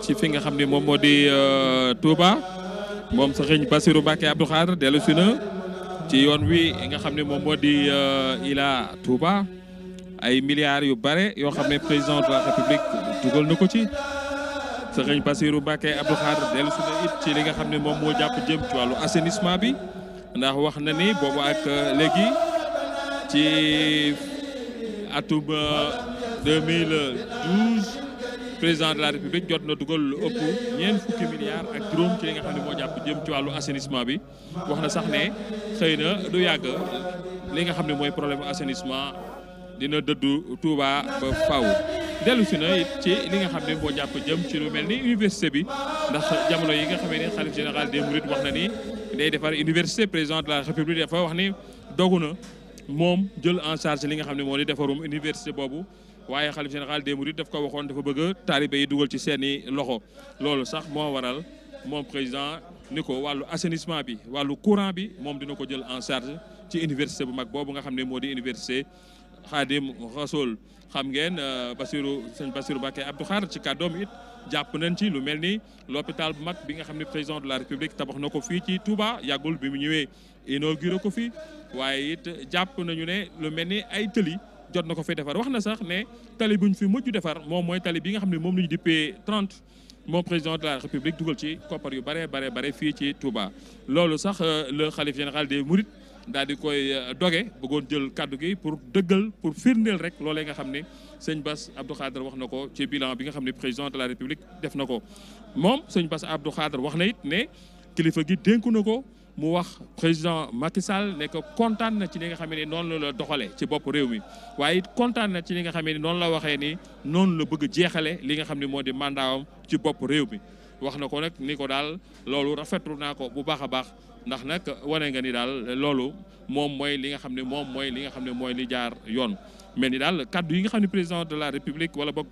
ci fi nga xam ni moom moo di euh, Touba moom Sëriñ Bassirou Mbacké Abdou Khadre dellu si na ci yoon wi nga xam ne moom moo di euh, Ila Touba ay milliards yu bare yoo xam ne président de la République dugal na ko ci Sëriñ Bassirou Mbacké Abdou Khadre dellu si na it ci li nga xam ne moom moo jàpp jëm ci wàllu assainissement bi ndax wax na ni boobu ak euh, léegi ci atum 2012 président de la république jot na dugal lu ëpp ñeent fukki milliards ak juróom ci li nga xam ne moo jàpp jëm ci wàllu assainissement bi wax na sax ne xëy na du yàgg li nga xam ne mooy problème assainissement dina dëddu tuuba ba faaw si na ci li nga xam ne moo jàpp jëm ci lu mel ni université bi ndax jamono yi nga xamee ne xalif général des mourides wax na ni day defar université président de la république dafa wax ni dogu na moom jël en charge li nga xam ne moo di defarum université boobu waaye xalif général des mourides daf ko waxoon dafa bëgg a taalibe yi dugal ci seeni loxo loolu sax moo waral moom président ni ko wàllu assainissement bi wàllu courant bi moom dina ko jël en charge ci université bu mag boobu nga xam ne moo di université Khadim Rasoul xam ngeen euh, Bassirou sëñ Bassirou Bakke Abdou Khare ci kàddoom it jàpp nañ ci lu mel ni l'hôpital bu mag bi nga xam ne président de la république tabax na ko fii ci Touba yàggul bi mu ñëwee inauguré ko fii waaye it jàpp nañu ne lu mel ni ay tëli jot na ko fi defar wax na sax ne tali bu fi mujj defar moom mooy tali bi nga xam ne moom la ñu dippee 30 moom président de la république dugal ci koppar yu bare bare bare fii ci Touba. loolu sax euh, le xalif général des Mourides daal di koy euh, doge bëggoon jël kàddu gi pour dëggal pour firndeel rek loolee nga xam ne sëñ Bass Abdou Khadre wax na ko ci bilan bi nga xam ne président de la république def na ko moom sëñ Bass Abdou Khadre wax na it ne kilifa gi dénku na ko. mu wax président Macky Sall ne kontaan na ci li nga xam ne noonu la doxalee ci bopp réew mi waaye it kontaan na ci li nga xam ne noonu la waxee ni noonu la bëgg jeexale li nga xam ne moo di mandaawam ci bopp réew mi wax na ko nag ni ko daal loolu rafetlu naa ko bu baax a baax ndax nag wane nga ni daal loolu moom mooy li nga xam ne moom mooy li nga xam ne mooy li jaar yoon mel ni daal kaddu yi nga xam ne président de la république wala boog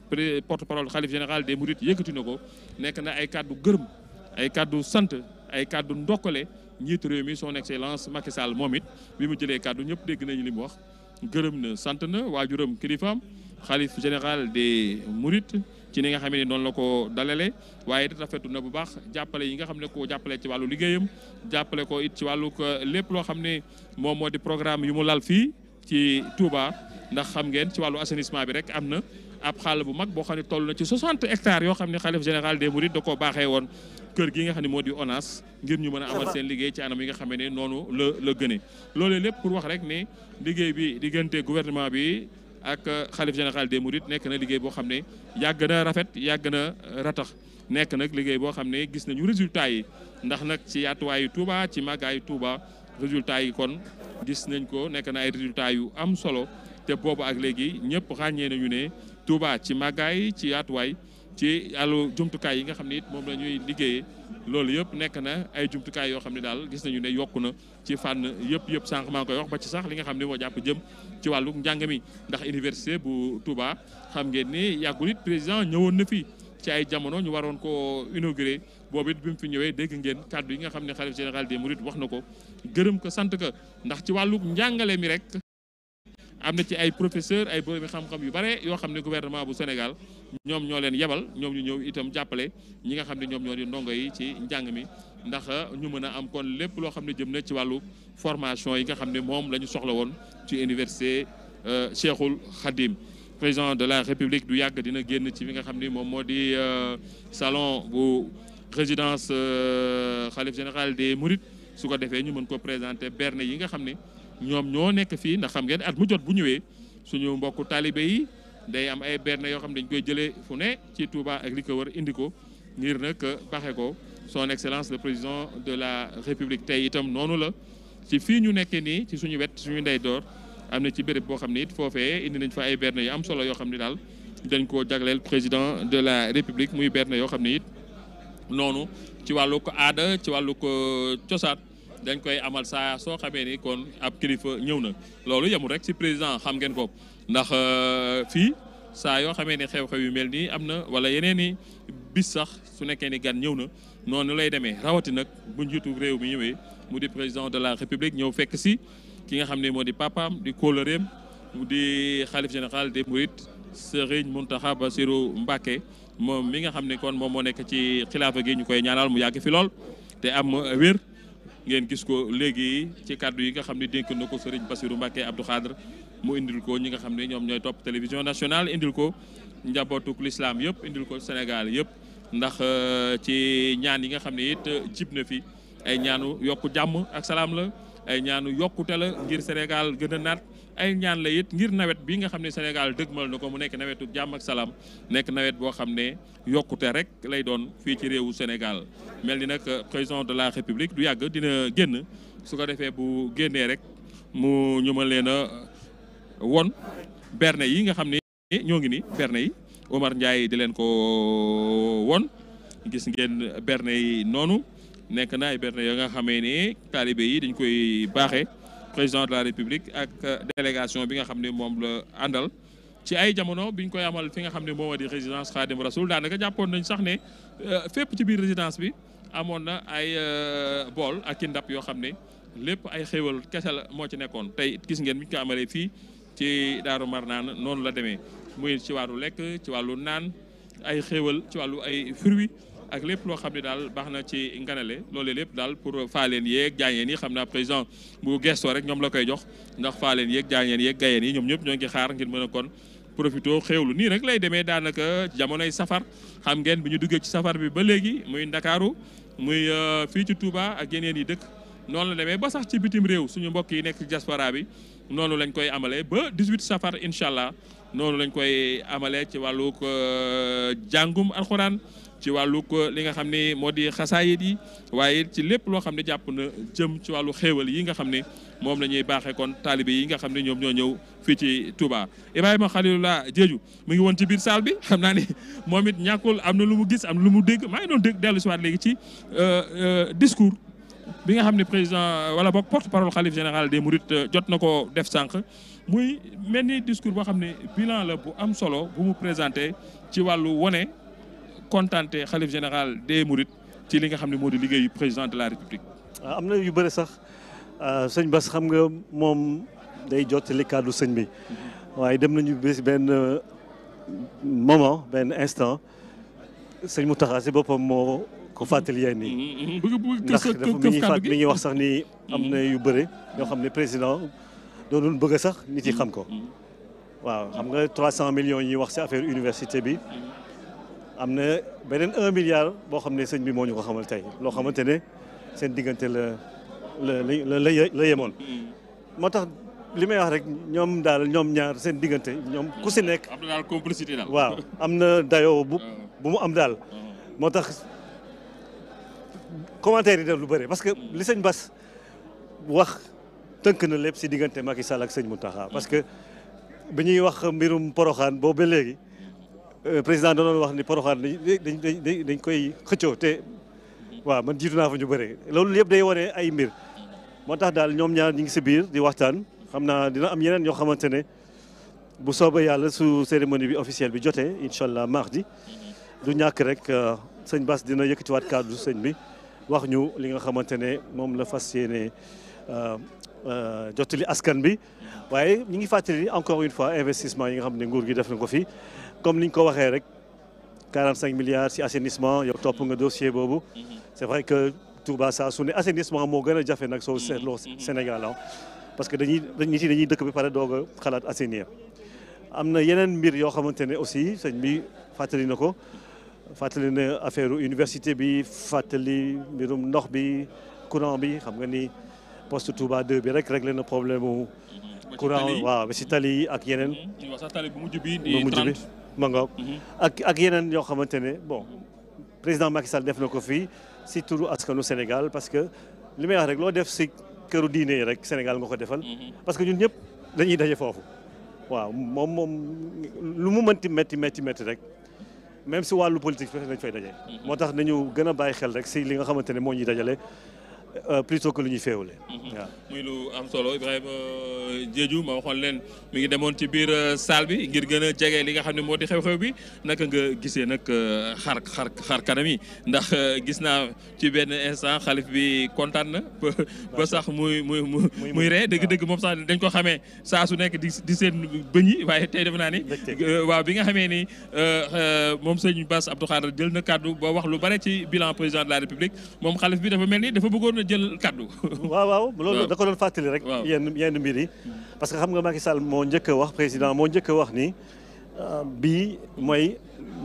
porte parole xalif général des mourides yëkkati na ko nekk na ay kaddu gërëm ay kaddu sant ay kaddu ndokkale njiitu réew mi son excellence Macky Sall moom bi mu jëlee kàddu ñëpp dégg nañu li mu wax gërëm na sant na waajuram kilifaam xalif général des Mourides ci ni nga xam ne noonu la ko dalale waaye it rafetlu na bu baax jàppale yi nga xam ne ko jàppale ci wàllu liggéeyam jàppale ko it ci wàllu lépp loo xam ne moom moo di programme yu mu lal fii ci Touba ndax xam ngeen ci wàllu assainissement bi rek am na ab xàll bu mag boo xam ne toll na ci 60 hectares yoo xam ne xalif général des Mourides koo baaxee kër gi nga xam ne moo di ONAS ngir ñu mën a amal seen liggéey ci anam yi nga xam ne noonu la la gënee loolee lépp pour wax rek ne liggéey bi diggante gouvernement bi ak euh, xalif général des murit nekk na liggéey boo xam ne yàgg na rafet yàgg na euh, ratax nekk nag liggéey boo xam ne gis nañu résultat yi ndax nag ci yaatuwaayu Touba ci màggaayu Touba résultat yi kon gis nañ ko nekk na ay résultat yu am solo te boobu ak léegi ñëpp ràññee nañu ne Touba ci màggaay ci yaatuwaay ci àllu jumtukaay yi nga xam ni it moom la ñuy liggéeyee loolu yëpp nekk na ay jumtukaay yoo xam ne daal gis nañu ne yokk na ci fànn yëpp yëpp sànq maa ngi koy wax ba ci sax li nga xam ne moo jàpp jëm ci wàllu njàng mi ndax université bu Touba xam ngeen ni yàggul it président ñëwoon na fi ci ay jamono ñu waroon ko inauguré boobu it bi mu fi ñëwee dégg ngeen kàddu yi nga xam ne xalif général des mourides wax na ko gërëm ko sant ko ndax ci wàllu njàngale mi rek am na ci ay professeur ay borom xam-xam yu bare yoo xam ne gouvernement bu Sénégal ñoom ñoo leen yebal ñoom ñu ñëw itam jàppale ñi nga xam ne ñoom ñoo di ndongo yi ci njàng mi ndax ñu mën a am kon lépp loo xam ne jëm na ci wàllu formation yi nga xam ne moom la ñu soxla woon ci université euh, Cheikhul Khadim président de la République du yàgg dina génn ci fi nga xam ni moom moo di euh, salon bu résidence xalif euh, général des Mourides su ko defee ñu mën ko présenter berne yi nga xam ni ñoom ñoo nekk fii ndax xam ngeen at mu jot bu ñëwee suñu mbokku taalibe yi day am ay berne yoo xam ne dañ koy jëlee fu ne ci Touba ak li ko war a indi ko ngir nag paxe ko son excellence le président de la république tey itam noonu la ci fii ñu nekkee nii ci suñu wet suñu ndey door am na ci béréb boo xam ne it foofee indi nañ fa ay berne yu am solo yoo xam ne daal dañ koo jagleel président de la république muy berne yoo xam ne it noonu ci wàllu aada ci wàllu ko euh, cosaan dañ koy amal saa soo xamee ni kon ab kilifa ñëw na loolu yemul rek ci président xam ngeen ko ndax euh, fii saa yoo xamee ni xew-xew yu mel nii am na wala yeneen i bis sax su nekkee ni gan ñëw na noonu lay demee rawati bu njiitu réew mi ñëwee mu di président de la république ñëw fekk si ki nga xam ne moo di papaam di kóolëreem di xalif général des mourides Serigne Mountakha Bassirou mbake moom mi nga xam ne kon moom moo nekk ci xilaafa gi ñu koy ñaanal mu yàgg fi lool te am wér ngeen gis ko léegi ci kaddu yi nga xam ne dénk na ko Serigne Bassirou Mbacké Abdou Khadre mu indil ko ñi nga xam ne ñoom ñooy topp télévision nationale indil ko njabootuk lislaam yëpp indil ko Sénégal yëpp ndax euh, ci ñaan yi nga xam ne it euh, jib na fi ay ñaanu yokk jàmm ak salaam la ay ñaanu yokkute ngir Sénégal gën naat ay ñaan la it ngir nawet bi nga xam ne Sénégal dëgmal na ko mu nekk nawetu jàmm ak salaam nekk nawet boo xam ne yokkute rek lay doon fii ci réewu Sénégal mel ni nag euh, président de la République du yàgg dina génn su ko defee bu génnee rek mu ñu ma leen a euh, won berne yi nga xam ne ñoo ngi ni berne yi Omar Ndiaye di leen ko euh, won gis ngeen berne yi noonu nekk na ay berne yoo nga xamee ne taalibe yi dañ koy baaxee président de la république ak euh, délégation bi nga xam ne moom la àndal ci ay jamono biñ koy amal fi nga xam ne moom di résidence Khadim Rasoul daanaka jàppoon nañ sax ne euh, fépp ci biir résidence bi amoon na ay euh, bool ak i ndab yoo xam ne lépp ay xéwal kese la moo ci nekkoon tey gis ngeen biñ ko amalee fii ci Daaru Marnaan noonu la demee muy ci wàllu lekk ci wàllu naan ay xéwal ci wàllu ay fruits ak lépp loo xam ne daal baax na ci nganale loolu lépp daal pour leen yeeg jaañeen nii xam naa président bu gestoo rek ñoom la koy jox ndax faaleen yeeg jaañeen yeeg gayeen yi ñoom ñëpp ñoo ngi xaar ngir mën a profito xéewlu nii rek lay demee daanaka jamonoy safar xam ngeen bi ñu duggee ci safar bi ba léegi muy ndakaaru muy euh, fii ci Touba ak yeneen yi dëkk noonu la demee ba sax ci bitim réew suñu mbokk yi nekk diaspora bi noonu lañ koy amalee ba 18 safar incha allah noonu lañ koy amalee ci wàllug euh, jàngum alxuraan ci wàllu li nga xam ne moo di xasaayit yi waaye ci lépp loo xam ne jàpp na jëm ci wàllu xéewal yi nga xam ne moom la ñuy baaxee kon taalibe yi nga xam ne ñoom ñoo ñëw fii ci Touba Ibrahima laa Diédhiou mu ngi woon ci biir salle bi xam naa ni moom it ñàkkul am na lu mu gis am na lu mu dégg maa ngi doon dégg dellu léegi ci euh, euh, discours bi nga xam ne président wala boog porte parole xalif général des Mourides euh, jot na ko def sànq muy mel ni discours boo xam ne bilan la bu am solo bu mu présenté ci wàllu wone kontante xalif général de Mourides ci li nga xam ne moo di liggéeyu président de la république. Ah, am na yu bëri sax ah, sëñ ba xam nga moom day jottali kàddu sëñ bi waaye dem nañu bés benn euh, moment benn instant sëñ mu taxaa boppam moo ko fàttali yenn yi. Mm-hmm. ndax dafa mi ñuy wax sax ni mm-hmm. am na yu bëri yoo xam ne président doonul bëgg sax nit yi mm-hmm. xam ko. waaw xam nga 300 millions yi wax si affaire université bi. am na beneen un milliard boo xam ne sëñ bi moo ñu ko xamal tey loo xamante ne seen diggante la la la yemoon. Mm. moo tax li may wax rek ñoom daal ñoom ñaar seen diggante ñoom ku si nekk. am na daal complicité daal. waaw am na dayoo bu ah. bu mu am daal. Ah. moo tax commentaire yi def lu bëri parce que li sëñ bas Bass wax tënk na lépp si diggante Macky Sall ak sëñ Mountakha parce que bi ñuy wax mbirum poroxaan boobu ba léegi. Euh, président da wax ni Porokhane dañ dañ dañ koy xëccoo te waaw man jiitu naa fa ñu bëre loolu yëpp day wane ay mbir moo tax daal ñoom ñaar ñu ngi si biir di waxtaan xam naa dina am yeneen yoo xamante ne bu soobee yàlla su cérémonie bi officielle bi jotee incha allah mardi du ñàkk rek euh, sëñ Bass dina yëkkatiwaat kàddu sëñ bi wax ñu li nga xamante ne moom la fas yéene euh, jottali askan bi waaye ñu ngi fàttali encore une fois investissement yi nga xam ne nguur gi def na ko fi. comme ni ñu ko waxee rek 45 milliards si assainissement yow topp nga dossier boobu c'est vrai que Touba saa su ne assainissement moo gën a jafe nag soo seetloo mm-hmm. Mm-hmm. Sénégal ah parce que dañuy nit yi dañuy dëkk bi pare doog a xalaat assainir am na yeneen mbir yoo xamante ne aussi sëñ bi fàttali na ko fàttali na affaire université bi fàttali mbirum ndox bi courant bi xam nga ni poste Touba 2 bi rek réglé na problème mu mm-hmm. courant waaw ba si tali ak yeneen. bu mujj bi ma ngoog mhm. ak yeneen yoo xamante ne bon président Macky Sall def na ko fii si turu askanu Sénégal parce que li may wax rek loo def si këru diine rek Sénégal nga ko defal. Mhm. parce que ñun ñëpp dañuy daje foofu. waaw moom moom lu mu mënti métti métti métti rek même si wàllu politique dañ fay daje. Mhm. moo tax nañu gën a bàyyi xel rek si li nga xamante ne moo ñuy dajale. Euh, plutôt que lu ñuy féewale. Mhm. waaw muy lu am solo Ibrahima euh, Diédhiou ma waxoon leen mi ngi demoon ci biir euh, salle bi ngir gën a jege li nga xam ne moo di xew bi naka nga gisee nag xar xar xar kanam yi ndax gis naa ci benn instant xalif bi kontaan na ba sax muy muy muy muy ree dëgg-dëgg moom sax dañ ko xamee saa su nekk di di seen bëñ yi waaye tey defe naa ni. waaw bi nga xamee ni moom sëñ Bass Abdou Khadre jël na kàddu boo wax lu bare ci bilan président de la république moom xalif bi dafa mel ni dafa bëggoon na jël kaddu. waaw waaw loolu da ko doon fàttali rek. yenn yenn mbir parce que xam nga Macky Sall moo njëkk wax président moo njëkk wax ni euh, bii mooy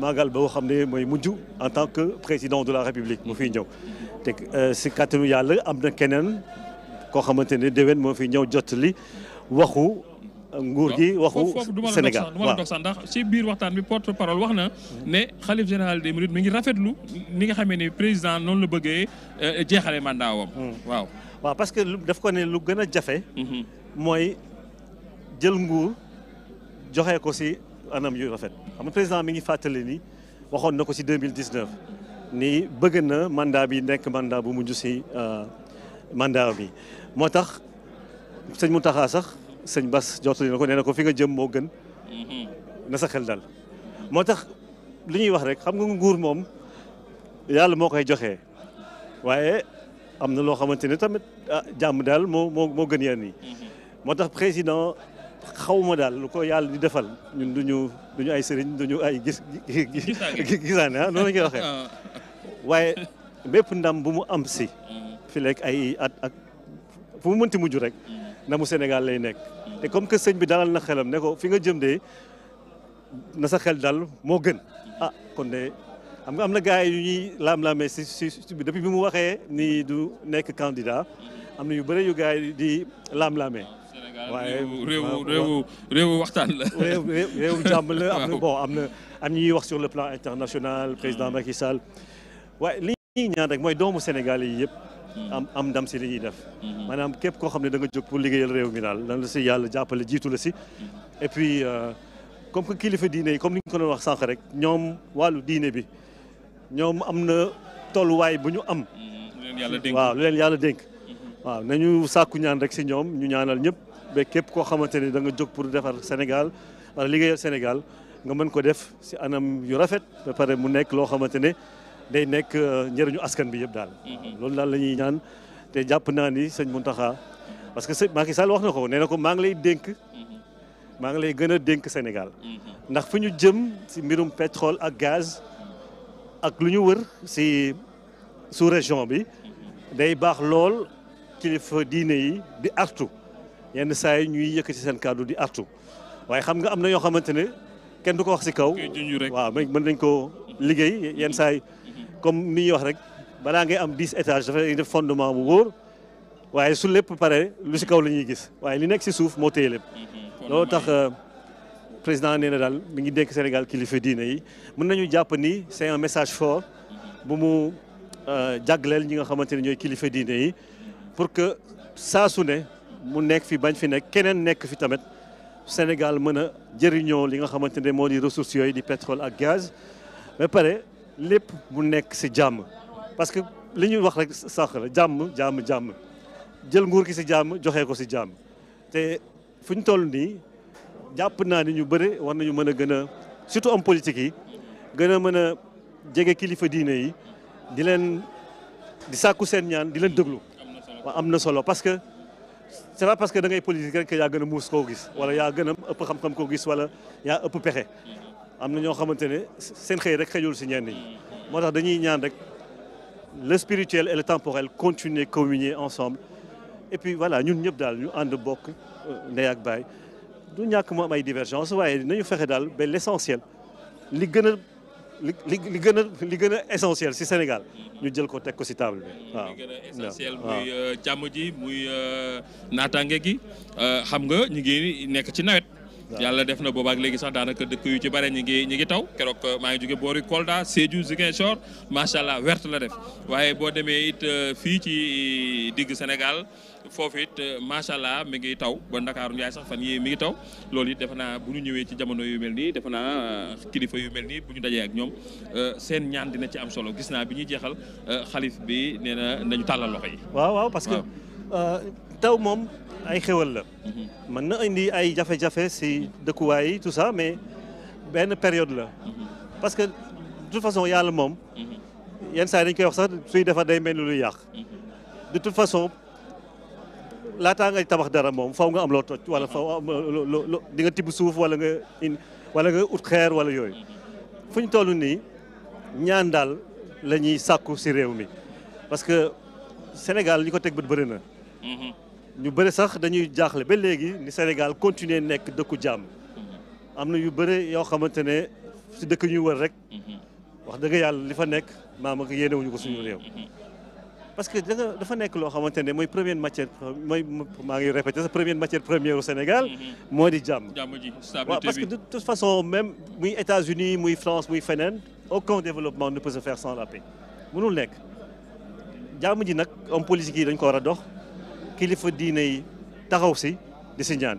màggal boo xam ne mooy mujj en tant que président de la république moo fiy ñëw. te euh, si kàttanu yàlla am na keneen koo xamante ne déwén moo fi ñëw jot li waxu. nguur gi waxu Sénégal du ma la dox sax biir waxtaan bi porte parole wax na ne xalif général des mourides mi ngi rafetlu ni nga xamee ni président noonu la bëggee euh, jeexale mandat wam hmm. waaw waaw parce que daf ko ne lu gën a jafe mm-hmm. mooy jël nguur joxe ko ci anam yu rafet xam président mi ngi fàttali ni waxoon na ko ci 2019 ni bëgg na mandat bi nekk mandat bu mujj ci euh, mandat bi moo tax sëñ Mountakha sax sëñ Bas jottali na ko nee na ko fi nga jëm moo gën mhm. na sa xel dal moo tax li ñuy wax rek xam nga nguur moom yàlla moo koy joxe waaye am na loo xamante ne tamit ah jàmm daal moo moo moo gën yenn yi mhm. moo tax président xaw ma daal lu ko yàlla di defal ñun duñu duñu ay sëriñ duñu ay gis gisaane ah noonu la ñuy waxee ah. waaye bépp ndam bu mu am si mhm. fi lekk ay at ak fu mu mënti mujj rek na mu Sénégal lay nekk te comme que sëñ bi daalal na xelam ne fi nga jëm de na sa xel dal moo gën ah kon de am na gars yu ñuy laam-laamee si si depuis bi mu waxee nii du nekk candidat am na yu bëri yu gars di laam-laamee. réew waxtaan la. réew réewu am na bon am na wax sur le plan international président hmm. Macky Sall waaye li ñuy ñaan rek mooy doomu Sénégal yi yëpp. am am ndam si li ñuy def. Mhm. maanaam képp koo xam ne da nga jóg pour liggéeyal réew mi daal lan la si yàlla jàppale jiitu la si. Mhm. et puis euh, comme que kilifa diine yi comme ni ñu ko doon wax sànq rek ñoom wàllu diine bi ñoom am na tolluwaay bu ñu am. Mhm, waaw lu leen yàlla dénk. waaw nañu sàkku ñaan rek si ñoom ñu ñaanal ñëpp ba képp koo xamante ne da nga jóg pour defar Sénégal wala liggéeyal Sénégal nga mën ko def si anam yu rafet ba mu nekk loo xamante ne. day nekk euh, njëriñu askan bi yëpp daal. Mhm. loolu daal la ñuy ñaan te jàpp naa ni sëñ Mountakha parce que sëñ Macky Sall wax na ko neena ko maa ngi lay dénk. Mhm. maa ngi lay gën a dénk Sénégal. Mhm. ndax fu ñu jëm si mbirum pétrole ak gaz. ak lu ñu wër si sous région bi. day baax lool kilifa diine yi di artu yenn saa yi ñuy yëkkati seen kàddu di artu waaye xam nga am na yoo xamante ne kenn du ko wax si kaw. waaw mën nañ ko liggéey yenn saa comme mi ñuy wax rek balaa ngay am dix étage dafay def fondement bu wóor waaye su lépp pare lu si kaw la ñuy gis waaye li nekk si suuf moo téye lépp. Mhm. loolu tax euh, président nee na daal mi ngi dénk Sénégal kilifa diine yi mën nañu jàpp ni c'est un message fort bu mu euh, jagleel ñi nga xamante ne ñooy kilifa diine yi pour que saa su mu nekk fi bañ fi nekk keneen nekk fi tamit Sénégal mën a jëriñoo li nga xamante ne moo di ressources yooyu di pétrole ak gaz ba pare. lépp mu nekk si jàmm parce que li ñuy wax rek sànq la jàmm jàmm jàmm jël nguur ki si jàmm joxe ko si jàmm te fu ñu toll nii jàpp naa ni ñu bëri war na ñu mën a gën a surtout om politique yi gën a mën a jege kilifa diine yi di leen di sàkku seen ñaan di leen déglu. waa am na solo parce que c'est pas parce que da ngay politique rek que yaa gën a muus koo gis wala yaa gën a ëpp xam-xam koo gis wala yaa ëpp pexe. am na ñoo xamante ne seen xëy rek xëyul si ñenn ñi moo tax dañuy ñaan rek le spirituel et le temporel continuer communier ensemble et puis voilà ñun ñëpp daal ñu ànd bokk euh, ndey ak baay du ñàkk moom am ay divergence waaye nañu fexe daal ba l' li gën a li li gën a li gën a essentiel si Sénégal ñu jël ko teg ko si table bi waaw. li gën a essentiel muy euh, càmm ji muy euh, naataange gi xam nga ñu ngi nekk ci nawet. yàlla def na boobaak léegi sax daanaka dëkk yu ci bare ñi ngi ñi ngi taw keroog euh, maa ngi jóge boori Kolda Sédhiou Ziguinchor macha allah wert la def waaye boo demee it euh, fii ci digg Sénégal foofu it euh, macha allah mi ngi taw ba Ndakaaru Njaay sax fan yi mi ngi taw loolu it defe naa bu ñu ñëwee ci jamono yu mel nii defe naa kilifa yu mel nii bu ñu dajee ak ñoom seen ñaan dina ci am solo gis naa bi ñuy jeexal xalif bi nee na nañu tàllal loxo yi Euh, taw moom ay xéwal la. Mhm. mën na indi ay jafe-jafe si dëkkuwaay yi tout ça mais benn période la. Mhm. parce que de toute façon yàlla moom. Mhm. yenn saa dañ koy wax sax suy defar day mel ni luy yàq. de toute façon laataa ngay tabax dara moom faw nga am loo toj wala faw di nga tibb suuf wala nga in wala nga ut xeer wala yooyu. fu ñu toll nii ñaan daal la ñuy sàkku si réew mi parce que Sénégal li ko teg bët bëri na. ñu bëri sax dañuy jaaxle ba léegi ni Sénégal continuer nekk dëkku jàmm. am na yu bëri yoo xamante ne si dëkk ñuy wër rek. wax dëgg yàlla li fa nekk maam ak yéene ko suñu réew. parce que dafa nekk loo xamante ne mooy première matière mooy maa ngi répété sa première matière première au Sénégal. moo di jàmm. jàmm ji waaw parce que de toute façon même muy États-Unis muy France muy feneen au aucun développement ne peut se faire sans la paix. mënul nekk jàmm ji nag homme politique yi dañ ko war a dox. kilifa diine yi taxaw si di si ñaan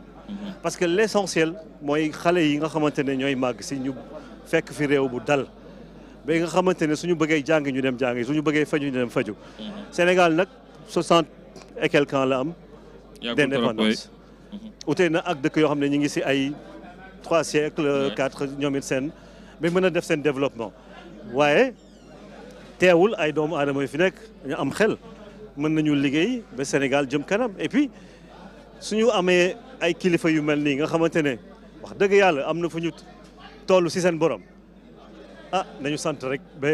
parce que l'essentiel mooy xale yi nga xamante ne ñooy màgg si ñu fekk fi réew bu dal ba nga xamante ne suñu bëggee jàng ñu dem jàng suñu bëggee faju ñu dem faju Sénégal nag soixante et la am d'indépendance mhm. utee na ak dëkk yoo xam ne ñu ngi si ay trois siècles quatre ñoom seen ba mën a def seen développement waaye teewul ay doomu aadama yu fi nekk ñu am xel mën nañu liggéey ba Sénégal jëm kanam et puis suñu amee ay kilifa yu mel nii nga xamante ne wax dëgg yàlla am na fu ñu toll si seen borom ah nañu sant rek ba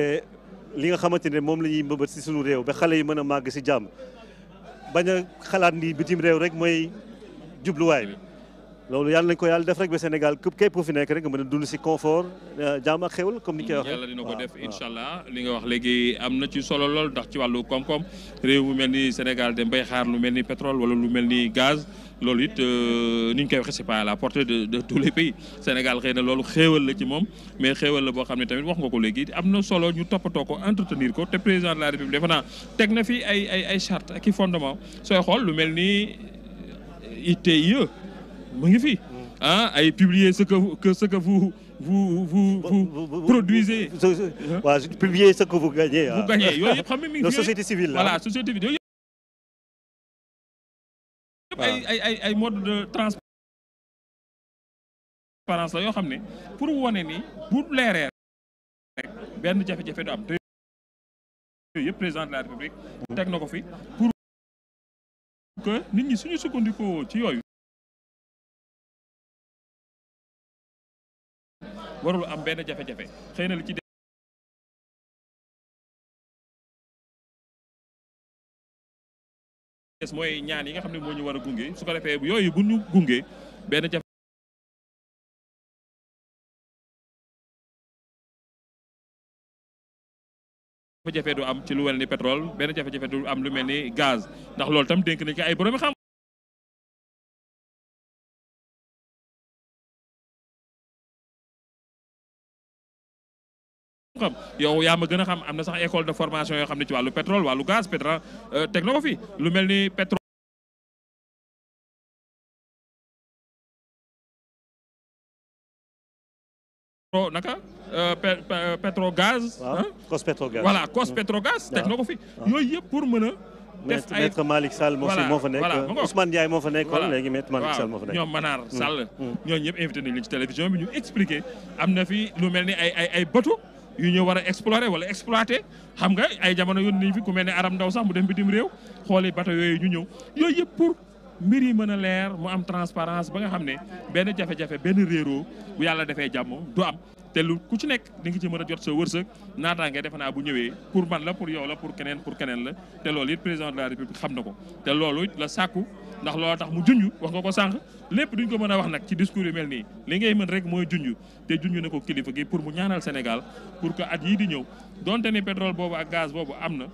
li nga xamante ne moom lañuy mbëbët si suñu réew ba xale yi mën a màgg si jàmm bañ a xalaat ni bitim réew rek mooy jubluwaay bi. loolu yàlla nañ ko yàlla def rek ba Sénégal képp ku fi nekk rek nga mën a dund si confort euh, jàmm ak ni koy waxee yàlla dina ko def incha allah li nga wax léegi am na ci solo lool ndax ci wàllu koom-koom réew mu mel ni Sénégal dem bay xaar lu mel ni pétrole wala lu mel ni gaz loolu it euh, ni ñu koy waxee c'est pas à la portée de de tous les pays Sénégal xëy na loolu xéewal la ci moom mais xéewal la boo xam ne tamit wax nga ko léegi am na solo ñu toppatoo ko entretenir ko te président de la République defe naa teg na fi ay ay ay charte ak i fondement soo xool lu mel ni euh, ITIE mu ngi fi ah ay publier ce que que ce que vous vous vous vous produisez. waaw publier ce que vous gagnez. vous gagnez yooyu yëpp xam nga mi ngi. la société civile voilà société ay ay ay ay mode de transparence la yoo xam ne pour wane ni pour leeree rek benn jafe-jafe du am te yooyu yëpp président de la république teg na ko fi pour que nit ñi suñu sukkandikoo ci yooyu warul am benn jafe-jafe xëy ci des mooy ñaan yi nga xam ne moo ñu war a gunge su ko defee yooyu bu ñu gunge benn jafe jafe du am ci lu mel ni pétrole benn jafe-jafe du am lu mel ni gaz ndax lool tam dénk nañ ko ay borom xam xam yow yaa ma gën a xam am na sax école de formation yoo xam ne ci wàllu pétrole wàllu gaz pétrole euh, teg na fi lu mel ni pétrole naka euh, pétro euh, gaz cos pétro gaz voilà cos mm. pétro gaz teg ko fi yooyu yëpp pour mën a def ay maître Malick moo fi moo nekk Ousmane Ndiaye moo fa nekk kon léegi maître Malick Sall moo fa nekk ñoom Manar mm. Sall mm. ñëpp invité nañu leen ci télévision bi ñu expliqué am na fi lu mel ni ay ay ay bateau yu ñu war a explorer wala exploité xam nga ay jamono yoon nañ fi ku mel ne aram ndaw sax mu dem bitim réew xooli bateau yooyu ñu ñëw yooyu yëpp pour mbir yi mën a leer mu am transparence ba nga xam ne benn jafe-jafe benn réero bu yàlla defee jàmm du am te lu ku ci nekk di nga ci mën a jot sa wërsëg naataange defe naa bu ñëwee pour man la pour yow la pour keneen pour keneen la te loolu it président de la république xam na ko te loolu la sàkku ndax loolu tax mu junj wax nga ko sànq lépp duñ ko mën a wax nag ci discours yu mel nii li ngay mën rek mooy junj te junj ne ko kilifa gi pour mu ñaanal Sénégal pour que at yii di ñëw donte ni pétrole boobu ak gaz boobu am na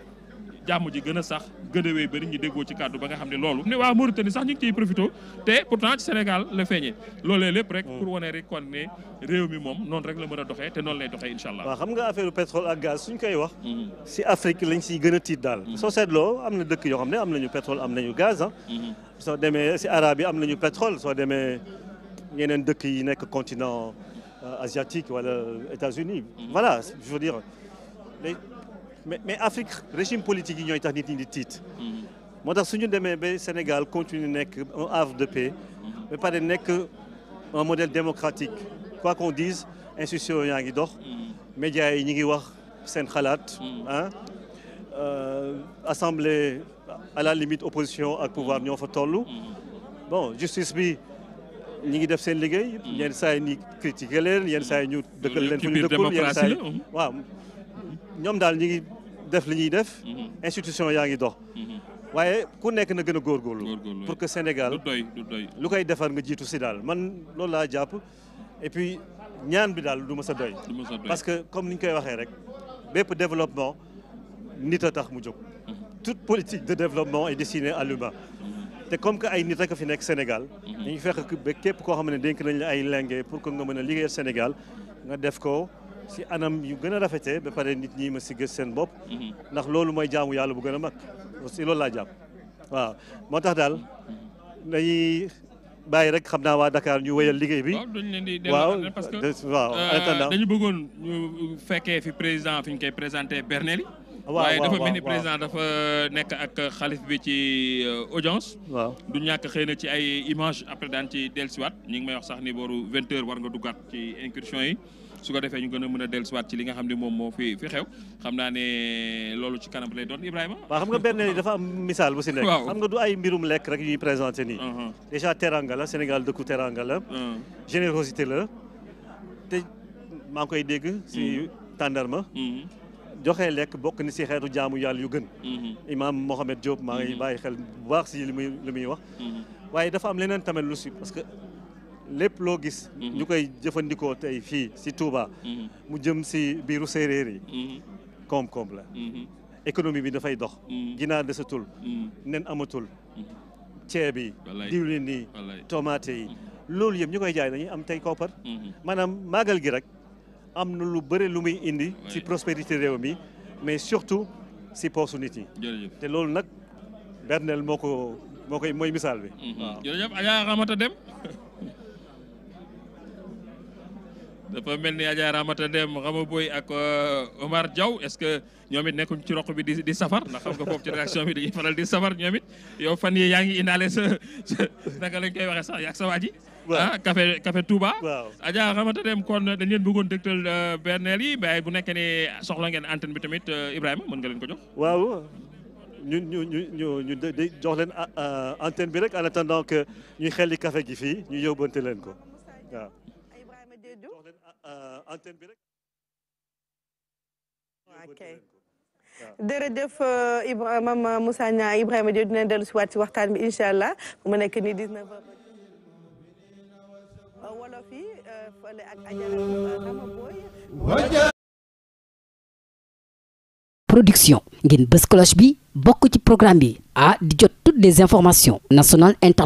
jàmm ji gën a sax gën a wéy bëri ñu déggoo ci kàddu ba nga xam ne loolu ne waa Mauritanie sax ñu ngi ciy profité te pourtant ci Sénégal la feeñee loolee lépp rek pour wane rek kon ne réew mi moom noonu rek la mën a doxee te noonu lay doxee incha allah waaw xam nga affaire pétrole ak gaz suñ koy wax hmm. si Afrique lañ si gën a tiit daal hmm. soo seetloo am na dëkk yoo xam ne am nañu pétrole am nañu gaz ah hmm. soo demee si arabe yi am na nañu pétrole soo demee yeneen dëkk yi nekk continent euh, asiatique wala États-Unis voilà je veux mais mais Afrique régime politique yi ñooy tax nit ñi di moo tax su demee ba Sénégal continue nekk un havre de paix. ba pare nekk un modèle démocratique quoi qu'on dise institution yaa ngi dox. médias yi ñu ngi wax seen xalaat. ah assemblée à la limite opposition ak pouvoir ñoo fa toll. bon justice bi. ñi ngi def seen liggéey. yenn saa yi ñu critiqué leen yenn saa yi ñu. dëkkal leen fu ñu dëkkul yenn saa yi waaw ñoom daal ñi ngi def li ñuy def. Mhm. institution yaa ngi dox. Mhm. waaye ku nekk na gën a góorgóorlu. pour que Sénégal du doy du lu koy defar nga jiitu si daal man loolu laa jàpp et puis ñaan bi daal du ma sa doy. parce que comme ni ñu koy waxee rek bépp développement nit a tax mu jóg. Mhm. toute politique de développement est destinée à l'humain. te comme que ay nit rek a fi nekk Sénégal. dañuy fekk képp koo xam ne dénk nañ la ay lenge pour que nga mën a liggéeyal Sénégal nga def ko. si anam yu gën a rafetee ba pare nit ñi ma si gës seen bopp. ndax loolu mooy jaamu yàlla bu gën a mag si loolu laa jàpp waaw moo tax daal dañuy bàyyi rek xam naa waa Dakar ñu wéyal liggéey bi. waaw dañu leen parce que waaw euh, attendant dañu bëggoon ñu fekkee fi président fi ñu koy présenté Bernelli. waaye dafa mel ni président dafa nekk ak xalif bi ci euh, audience. waaw du ñàkk xëy na ci ay image après daan ci dellusiwaat ñu ngi may wax sax ni booru 20 heures war nga duggaat ci incursion yi. su ko defee ñu gën a mën a dellusiwaat ci li nga xam ne moom moo fi fi xew xam naa ne loolu ci kanam lay doon Ibrahima. waaw xam nga benn dafa am misaal bu si nekk. xam nga du ay mbirum lekk rek ñuy présenté nii. Uh-huh. déjà teranga la Sénégal dëkku teranga la. Uh-huh. générosité la te maa ngi koy dégg si uh-huh. tàndarma. joxe lekk bokk ni si xeetu jaamu yàlla yu gën. imaam Mohamed Diop maa ngi bàyyi xel bu baax si li muy wax. waaye dafa am leneen tamit lu si lépp loo gis. ñu koy jëfandikoo tey fii si Touba. mu jëm si biiru séeréer yi. koom-koom la. économie bi dafay dox. ginaar desatul. nen amatul. ceeb yi. diwlin yi tomate yi. loolu yëpp ñu koy jaay dañuy am tey koppar. Mhm. maanaam màggal gi rek am na lu bëri lu muy indi. si prospérité réew mi mais surtout si poosu nit yi. te loolu nag bernel moo ko mooy misaal bi. Mhm. waaw jërëjëf Adja dafa mel ni Adja Ramata Dem Rama Boy ak euh, Omar Diaw est-ce que ñoom it nekkuñ ci roq bi di di safar ndax xam nga foofu ci réaction bi di safar ñoom it yow fan yi yaa ngi indaale sa naka lañ koy waxee sax yaag sa waa ji ah café café Touba Adja Dem kon dañ leen bëggoon dëgtal euh, berneel yi mais bu nekkee ne soxla ngeen antenne bi tamit euh, Ibrahima mën nga leen ko jox waaw ñu ñu ñu ñu ñu jox leen antenne bi rek en attendant que ñuy xelli kafe gi fii ñu yóbbante leen ko Euh, antenne bi rek. jërëjëf euh, Ibra Mame euh, Moussa Niang Ibrahima waxtaan bi incha allah mu nekk production ngeen bës bi bokk ci programme bi ah di jot toutes les informations nationales internationales